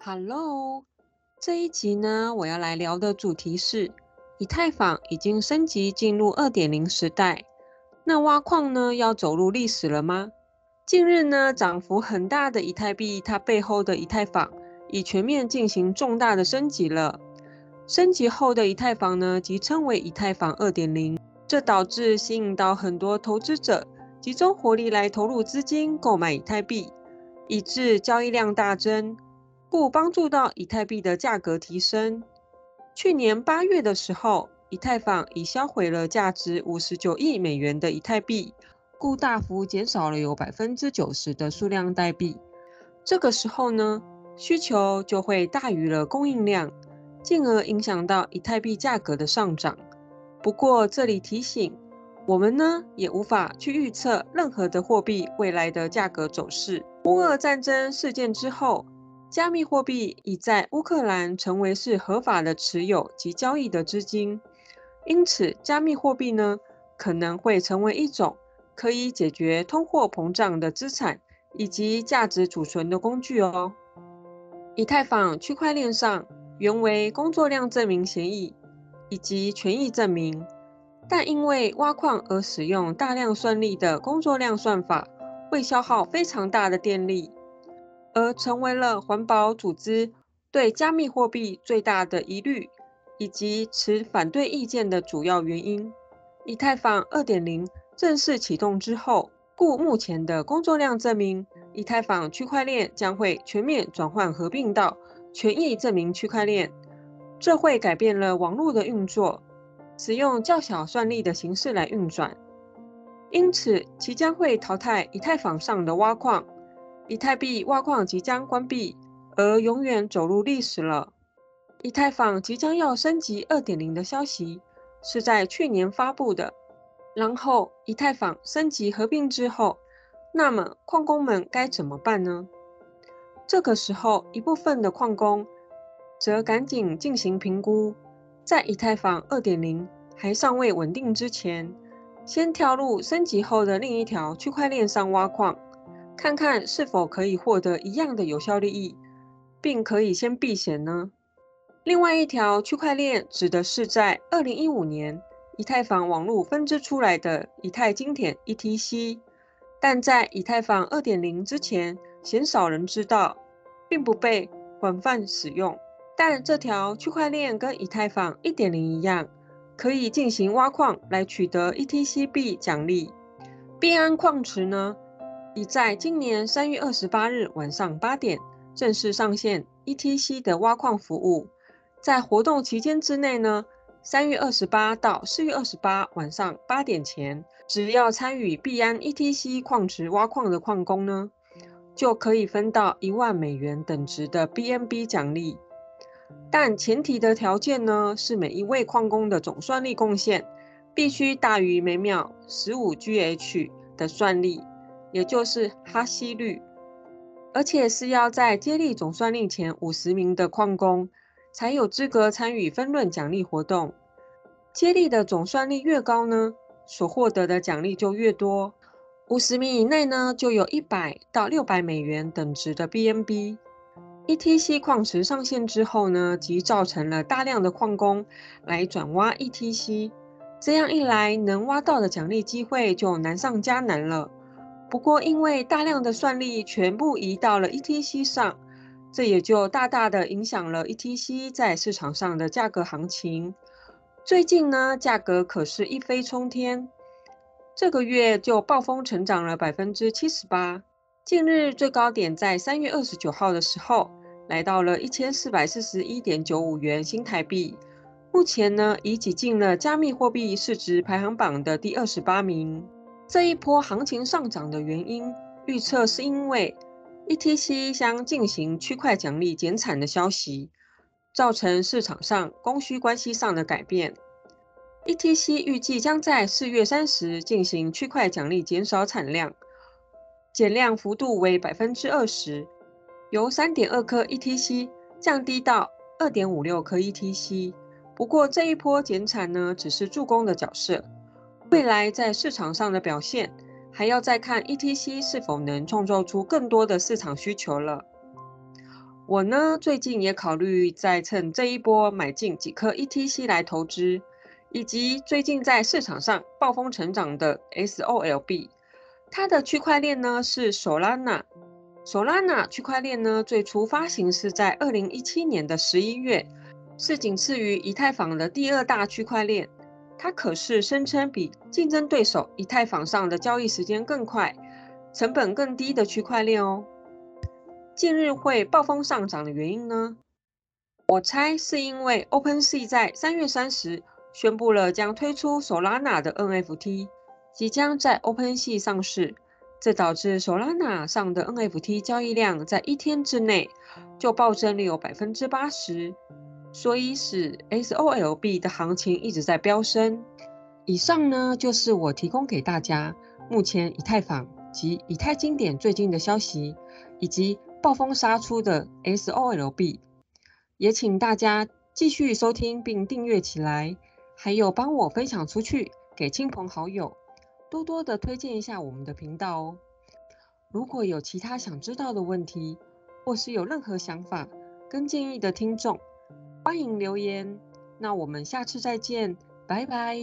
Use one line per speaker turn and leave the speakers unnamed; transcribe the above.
Hello，這一集呢，我要來聊的主題是以太坊已經升級進入二點零時代。那挖礦呢，要走入歷史了嗎？近日呢，漲幅很大的以太幣，它背後的以太坊已全面進行重大的升級了。升級後的以太坊呢，即稱為以太坊二點零，這導致吸引到很多投資者集中火力來投入資金購買以太幣，以致交易量大增。故幫助到以太幣的價格提升。去年八月的時候，以太坊已銷毀了價值五十九億美元的以太幣，故大幅減少了有百分之九十的數量代幣。這個時候呢，需求就會大於了供應量，進而影響到以太幣價格的上漲。不過這裡提醒，我們呢，也無法去預測任何的貨幣未來的價格走勢。烏俄戰爭事件之後，加密貨幣已在烏克蘭成為是合法的持有及交易的資金，因此，加密貨幣呢可能會成為一種可以解決通貨膨脹的資產以及價值儲存的工具哦。以太坊區塊鏈上原為工作量證明協議以及權益證明，但因為挖礦而使用大量算力的工作量算法會消耗非常大的電力。而成為了環保組織對加密貨幣最大的疑慮，以及持反對意見的主要原因。以太坊2.0正式啟動之後，故目前的工作量證明以太坊區塊鏈將會全面轉換合併到權益證明區塊鏈，這會改變了網絡的運作，使用較小算力的形式來運轉，因此其將會淘汰以太坊上的挖礦。以太幣挖礦即將關閉，而永遠走入歷史了。以太坊即將要升級2.0的消息是在去年發布的。然後，以太坊升級合併之後，那麼礦工們該怎麼辦呢？這個時候，一部分的礦工則趕緊進行評估，在以太坊2.0還尚未穩定之前，先跳入升級後的另一條區塊鏈上挖礦。看看是否可以獲得一樣的有效利益，並可以先避險呢。另外一條區塊鏈指的是在二零一五年以太坊網絡分支出來的以太經典 （ETC），但在以太坊二點零之前，鮮少人知道，並不被廣泛使用。但這條區塊鏈跟以太坊一點零一樣，可以進行挖礦來取得 ETC 幣獎勵。幣安礦池呢，已在今年三月二十八日晚上八點正式上線 ETC 的挖礦服務。在活動期間之內呢，三月二十八到四月二十八晚上八點前，只要參與幣安 ETC 礦池挖礦的礦工呢，就可以分到一萬美元等值的 BNB 獎勵。但前提的條件呢，是每一位礦工的總算力貢獻必須大於每秒十五 GH 的算力。也就是哈希率，而且是要在接力總算力前五十名的礦工才有資格參與分論獎勵活動。接力的總算力越高呢，所獲得的獎勵就越多。五十名以內呢，就有一百到六百美元等值的 BNB。ETC 礦池上線之後呢，即造成了大量的礦工來轉挖 ETC，這樣一來，能挖到的獎勵機會就難上加難了。不過，因為大量的算力全部移到了 ETC 上，這也就大大的影響了 ETC 在市場上的價格行情。最近呢，價格可是一飛沖天，這個月就暴風成長了百分之七十八。近日最高點在三月二十九號的時候，來到了一千四百四十一點九五元新台幣。目前呢，已擠進了加密貨幣市值排行榜的第二十八名。這一波行情上漲的原因預測是因為 E T C 將進行區塊獎勵減產的消息，造成市場上供需關係上的改變。E T C 預計將在四月三十進行區塊獎勵減少產量，減量幅度為百分之二十，由三點二顆 E T C 降低到二點五六顆 E T C。不過這一波減產呢，只是助攻的角色。未來在市場上的表現，還要再看 ETC 是否能創造出更多的市場需求了。我呢，最近也考慮再趁這一波買進幾顆 ETC 來投資，以及最近在市場上暴風成長的 SOLB，它的區塊鏈呢是 Solana，Solana 區塊鏈呢最初發行是在二零一七年的十一月，是僅次於以太坊的第二大區塊鏈。它可是聲稱比競爭對手以太坊上的交易時間更快、成本更低的區塊鏈哦。近日會暴風上漲的原因呢？我猜是因為 OpenSea 在三月三十宣布了將推出 Solana 的 NFT，即將在 OpenSea 上市，這導致 Solana 上的 NFT 交易量在一天之內就暴增了有百分之八十。所以使 SOLB 的行情一直在飆升。以上呢，就是我提供給大家目前以太坊及以太經典最近的消息，以及暴風殺出的 SOLB。也請大家繼續收聽並訂閱起來，還有幫我分享出去給親朋好友，多多的推薦一下我們的頻道哦。如果有其他想知道的問題，或是有任何想法跟建議的聽眾。歡迎留言，那我們下次再見，拜拜。